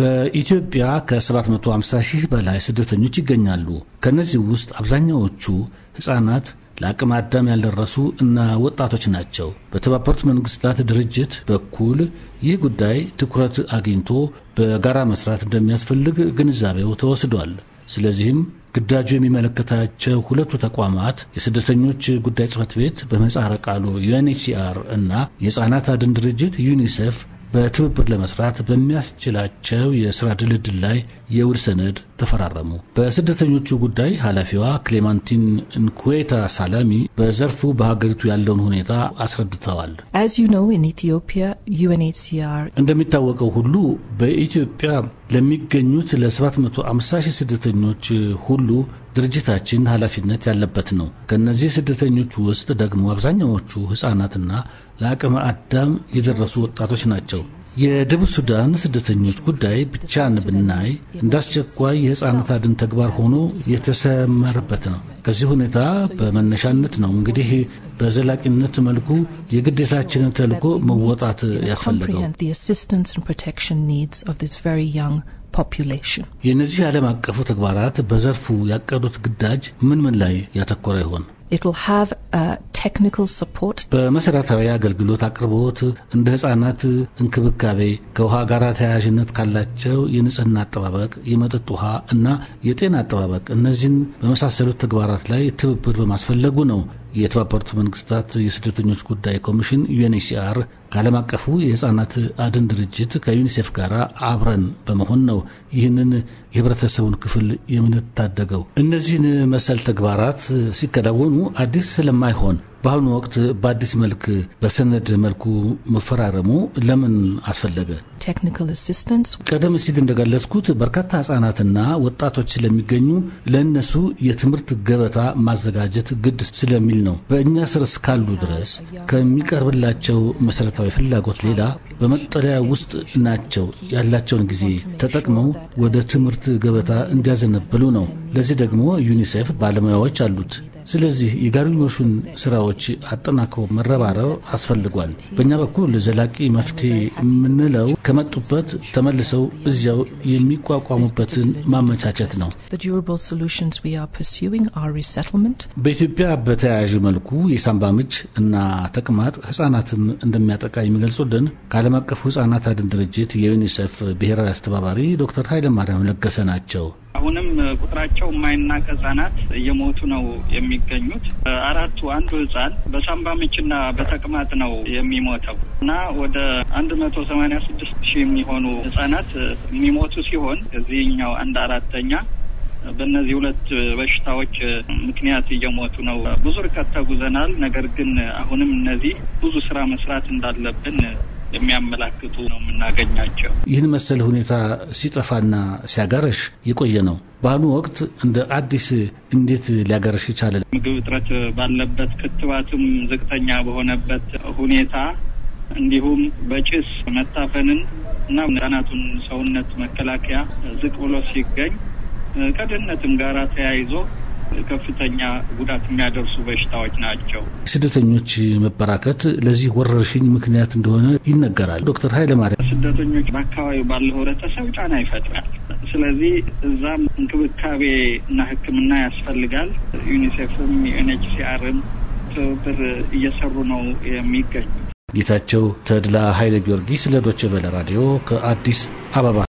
በኢትዮጵያ ከ750 ሺህ በላይ ስደተኞች ይገኛሉ። ከእነዚህ ውስጥ አብዛኛዎቹ ሕፃናት ለአቅመ አዳም ያልደረሱ እና ወጣቶች ናቸው። በተባበሩት መንግስታት ድርጅት በኩል ይህ ጉዳይ ትኩረት አግኝቶ በጋራ መስራት እንደሚያስፈልግ ግንዛቤው ተወስዷል። ስለዚህም ግዳጁ የሚመለከታቸው ሁለቱ ተቋማት የስደተኞች ጉዳይ ጽህፈት ቤት በምህጻረ ቃሉ ዩኤንኤችሲአር እና የህፃናት አድን ድርጅት ዩኒሴፍ በትብብር ለመስራት በሚያስችላቸው የስራ ድልድል ላይ የውል ሰነድ ተፈራረሙ። በስደተኞቹ ጉዳይ ኃላፊዋ ክሌማንቲን እንኩዌታ ሳላሚ በዘርፉ በሀገሪቱ ያለውን ሁኔታ አስረድተዋል። እንደሚታወቀው ሁሉ በኢትዮጵያ ለሚገኙት ለ750 ሺህ ስደተኞች ሁሉ ድርጅታችን ኃላፊነት ያለበት ነው። ከእነዚህ ስደተኞች ውስጥ ደግሞ አብዛኛዎቹ ሕፃናትና ለአቅመ አዳም የደረሱ ወጣቶች ናቸው። የደቡብ ሱዳን ስደተኞች ጉዳይ ብቻን ብናይ እንደ አስቸኳይ የሕፃናት አድን ተግባር ሆኖ የተሰመረበት ነው። ከዚህ ሁኔታ በመነሻነት ነው እንግዲህ በዘላቂነት መልኩ የግዴታችንን ተልጎ መወጣት ያስፈልገው። population. የእነዚህ ዓለም አቀፉ ተግባራት በዘርፉ ያቀዱት ግዳጅ ምን ምን ላይ ያተኮረ ይሆን? It will have technical support. በመሰረታዊ አገልግሎት አቅርቦት እንደ ህጻናት እንክብካቤ ከውሃ ጋር ተያያዥነት ካላቸው የንጽህና አጠባበቅ፣ የመጠጥ ውሃ እና የጤና አጠባበቅ እነዚህን በመሳሰሉት ተግባራት ላይ ትብብር በማስፈለጉ ነው የተባበሩት መንግስታት የስደተኞች ጉዳይ ኮሚሽን ዩኤንኤችሲአር ከዓለም አቀፉ የህፃናት አድን ድርጅት ከዩኒሴፍ ጋር አብረን በመሆን ነው ይህንን የህብረተሰቡን ክፍል የምንታደገው። እነዚህን መሰል ተግባራት ሲከናወኑ አዲስ ስለማይሆን በአሁኑ ወቅት በአዲስ መልክ በሰነድ መልኩ መፈራረሙ ለምን አስፈለገ? technical assistance ቀደም ሲል እንደገለጽኩት በርካታ ህጻናትና ወጣቶች ስለሚገኙ ለእነሱ የትምህርት ገበታ ማዘጋጀት ግድ ስለሚል ነው። በእኛ ስር እስካሉ ድረስ ከሚቀርብላቸው መሰረታዊ ፍላጎት ሌላ በመጠለያ ውስጥ ናቸው። ያላቸውን ጊዜ ተጠቅመው ወደ ትምህርት ገበታ እንዲያዘነበሉ ነው። ለዚህ ደግሞ ዩኒሴፍ ባለሙያዎች አሉት። ስለዚህ የጋርዮሹን ስራዎች አጠናክሮ መረባረብ አስፈልጓል። በእኛ በኩል ዘላቂ መፍትሄ የምንለው ከመጡበት ተመልሰው እዚያው የሚቋቋሙበትን ማመቻቸት ነው። በኢትዮጵያ በተያያዥ መልኩ የሳምባ ምች እና ተቅማጥ ህጻናትን እንደሚያጠቃ የሚገልጹልን ከዓለም አቀፉ ህጻናት አድን ድርጅት የዩኒሴፍ ብሔራዊ አስተባባሪ ዶክተር ኃይለማርያም ለገሰ ናቸው። አሁንም ቁጥራቸው የማይናቅ ህጻናት እየሞቱ ነው የሚገኙት። አራቱ አንዱ ህጻን በሳምባ ምችና በተቅማጥ ነው የሚሞተው እና ወደ አንድ መቶ ሰማኒያ ስድስት ሺህ የሚሆኑ ህጻናት የሚሞቱ ሲሆን ከዚህኛው አንድ አራተኛ በእነዚህ ሁለት በሽታዎች ምክንያት እየሞቱ ነው። ብዙ ርቀት ተጉዘናል። ነገር ግን አሁንም እነዚህ ብዙ ስራ መስራት እንዳለብን የሚያመላክቱ ነው የምናገኛቸው። ይህን መሰል ሁኔታ ሲጠፋና ሲያጋረሽ የቆየ ነው። በአሁኑ ወቅት እንደ አዲስ እንዴት ሊያጋረሽ ይቻለ? ምግብ እጥረት ባለበት፣ ክትባትም ዝቅተኛ በሆነበት ሁኔታ እንዲሁም በጭስ መታፈንን እና ህጻናቱን ሰውነት መከላከያ ዝቅ ብሎ ሲገኝ ከድህነትም ጋር ተያይዞ ከፍተኛ ጉዳት የሚያደርሱ በሽታዎች ናቸው። ስደተኞች መበራከት ለዚህ ወረርሽኝ ምክንያት እንደሆነ ይነገራል። ዶክተር ኃይለማርያም ስደተኞች በአካባቢው ባለው ህብረተሰብ ጫና ይፈጥራል። ስለዚህ እዛም እንክብካቤ እና ሕክምና ያስፈልጋል። ዩኒሴፍም ዩኤንኤችሲአርም ትብብር እየሰሩ ነው የሚገኙ ጌታቸው ተድላ ኃይለ ጊዮርጊስ ለዶቼ ቬለ ራዲዮ ከአዲስ አበባ